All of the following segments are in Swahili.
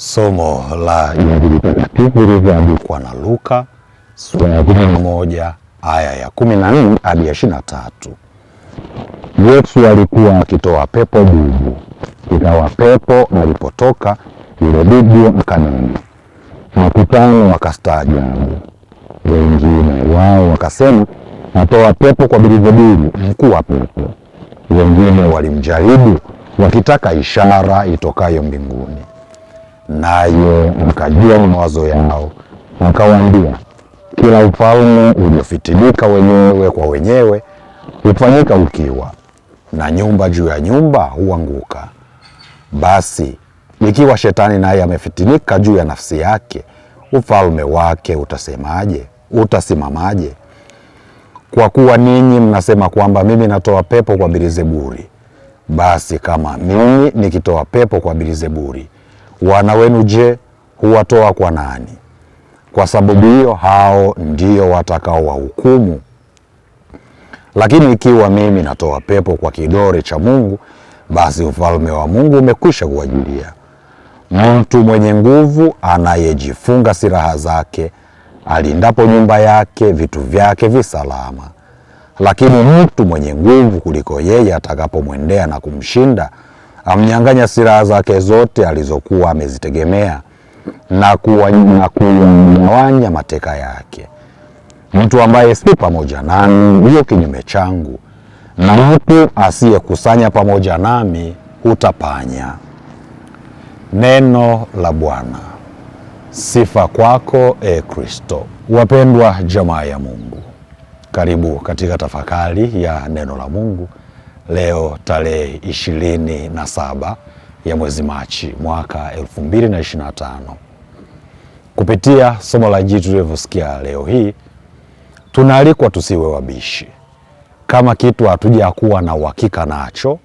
Somo la Injili Takatifu lilivyoandikwa na Luka sura ya moja aya ya kumi na nne hadi ya ishirini na tatu. Yesu alikuwa akitoa pepo bubu. Ikawa pepo alipotoka yule bubu akanena, makutano wakastaajabu. Wengine wao wakasema, atoa pepo kwa Belzebuli, mkuu wa pepo. Wengine walimjaribu wakitaka ishara itokayo mbinguni nayo mkajua mawazo yao, mkawaambia kila ufalme uliofitilika wenyewe kwa wenyewe hufanyika ukiwa, na nyumba juu ya nyumba huanguka. Basi ikiwa shetani naye amefitilika juu ya nafsi yake, ufalme wake utasemaje? Utasimamaje? Kwa kuwa ninyi mnasema kwamba mimi natoa pepo kwa bilizeburi Basi kama mimi nikitoa pepo kwa bilizeburi Wana wenu je, huwatoa kwa nani? Kwa sababu hiyo hao ndio watakaowahukumu. Lakini ikiwa mimi natoa pepo kwa kidole cha Mungu, basi ufalme wa Mungu umekwisha kuwajilia. Mtu mwenye nguvu anayejifunga silaha zake, alindapo nyumba yake, vitu vyake visalama. Lakini mtu mwenye nguvu kuliko yeye atakapomwendea na kumshinda amnyang'anya silaha zake zote alizokuwa amezitegemea na kuwanya mateka yake. Mtu ambaye si pamoja nami huyo kinyume changu, na mtu asiyekusanya pamoja nami hutapanya. Neno la Bwana. Sifa kwako e Kristo. Wapendwa jamaa ya Mungu, karibu katika tafakari ya neno la Mungu leo tarehe ishirini na saba ya mwezi Machi mwaka 2025. Kupitia somo la Injili tulivyosikia leo hii, tunaalikwa tusiwe wabishi. Kama kitu hatujakuwa na uhakika nacho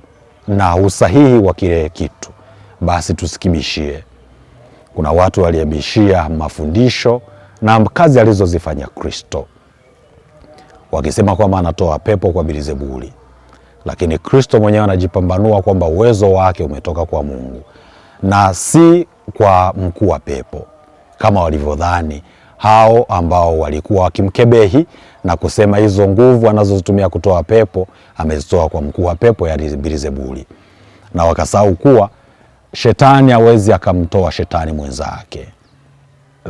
na usahihi wa kile kitu, basi tusikibishie. Kuna watu waliyebishia mafundisho na kazi alizozifanya Kristo, wakisema kwamba anatoa pepo kwa Bilizebuli lakini Kristo mwenyewe anajipambanua kwamba uwezo wake umetoka kwa Mungu na si kwa mkuu wa pepo kama walivyodhani hao ambao walikuwa wakimkebehi na kusema hizo nguvu anazozitumia kutoa pepo amezitoa kwa mkuu wa pepo, ya Bilzebuli, na wakasahau kuwa shetani hawezi akamtoa shetani mwenzake,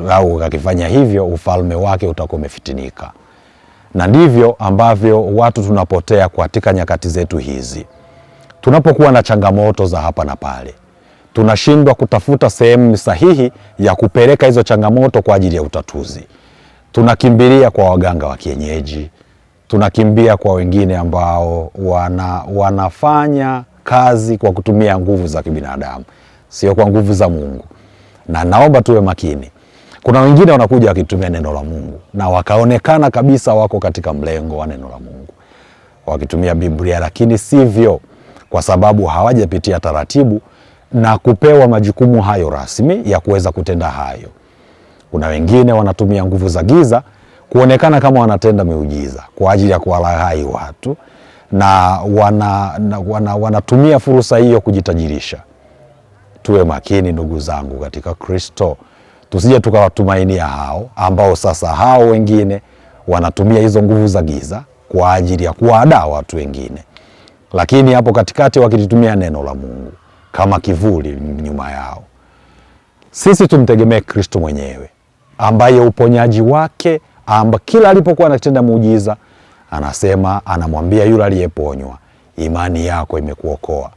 au akifanya hivyo ufalme wake utakuwa umefitinika na ndivyo ambavyo watu tunapotea katika nyakati zetu hizi. Tunapokuwa na changamoto za hapa na pale, tunashindwa kutafuta sehemu sahihi ya kupeleka hizo changamoto kwa ajili ya utatuzi. Tunakimbilia kwa waganga wa kienyeji, tunakimbia kwa wengine ambao wana, wanafanya kazi kwa kutumia nguvu za kibinadamu, sio kwa nguvu za Mungu. Na naomba tuwe makini kuna wengine wanakuja wakitumia neno la Mungu na wakaonekana kabisa wako katika mlengo wa neno la Mungu wakitumia Biblia, lakini sivyo, kwa sababu hawajapitia taratibu na kupewa majukumu hayo rasmi ya kuweza kutenda hayo. Kuna wengine wanatumia nguvu za giza kuonekana kama wanatenda miujiza kwa ajili ya kuwalaghai watu na wana, na, wana, wanatumia fursa hiyo kujitajirisha. Tuwe makini ndugu zangu katika Kristo tusije tukawatumainia hao ambao sasa hao wengine wanatumia hizo nguvu za giza kwa ajili ya kuwahadaa watu wengine, lakini hapo katikati wakilitumia neno la Mungu kama kivuli nyuma yao. Sisi tumtegemee Kristo mwenyewe ambaye uponyaji wake amba kila alipokuwa anatenda muujiza anasema, anamwambia yule aliyeponywa, imani yako imekuokoa.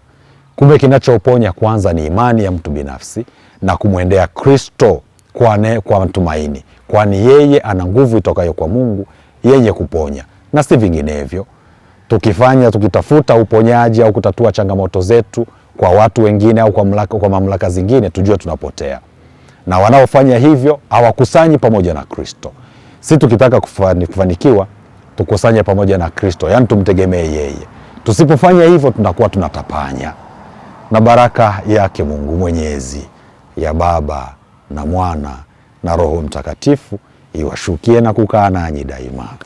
Kumbe kinachoponya kwanza ni imani ya mtu binafsi na kumwendea Kristo kwa, ne, kwa tumaini, kwani yeye ana nguvu itokayo kwa Mungu yenye kuponya na si vinginevyo. Tukifanya tukitafuta uponyaji au kutatua changamoto zetu kwa watu wengine au kwa mamlaka, kwa mamlaka zingine, tujue tunapotea, na wanaofanya hivyo hawakusanyi pamoja na Kristo. Si tukitaka kufanikiwa tukusanye pamoja na Kristo, yaani tumtegemee yeye. Tusipofanya hivyo, tunakuwa tunatapanya, na baraka yake Mungu Mwenyezi ya Baba na Mwana na Roho Mtakatifu iwashukie na kukaa nanyi daima.